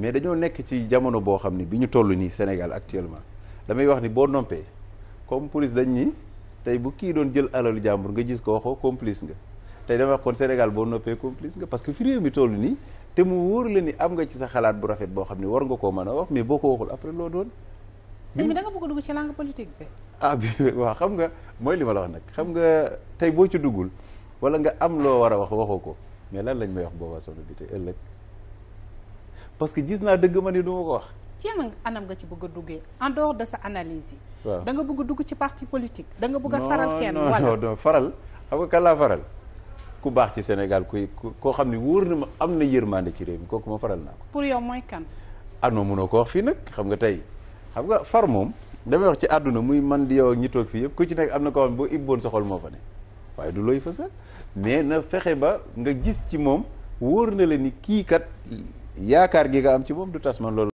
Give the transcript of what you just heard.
mais dañoo nekk ci jamono boo xam ni bi ñu toll nii Sénégal actuellement damay wax ni boo noppee comme police dañ ni tey bu kii doon jël alalu jàmbur nga gis ko waxoo complice nga tey damay wax kon Sénégal boo noppee complice nga parce que fi réew toll nii te mu wóor la ni am nga ci sa xalaat bu rafet boo xam ni war nga koo mën a wax mais boo ko waxul doon. sëñ bi hmm? da nga bëgg a dugg ci langue politique ah, bi. bi waaw xam nga mooy li ma la wax nag xam nga tey boo ci duggul wala nga am loo war a wax waxoo ko mais lan lañ may wax booba solo bi te ëllëg. parce que gis naa dëgg ma ni du ko wax. jéem anam nga ci bëgg a duggee en dehors de sa analyse yi. waaw da nga bëgg a dugg ci parti politique. da bëgg a faral kenn wala faral xam nga kan faral. ku baax ci Sénégal kuy koo xam ni wóor na ma am na yërmande ci réew mi kooku ma faral naa ko. pour yow mooy kan. ah non mënoo ko wax fii nag xam nga tey xam nga far moom damay wax ci àdduna muy man di yow ak ñi fii yëpp ku ci nekk am na koo xam ne boo ibboon sa xol moo fa waaye du looy fësal mais na fexe ba nga gis ci moom na la ni kii kat yaakaar gi nga am ci moom du tas man loolu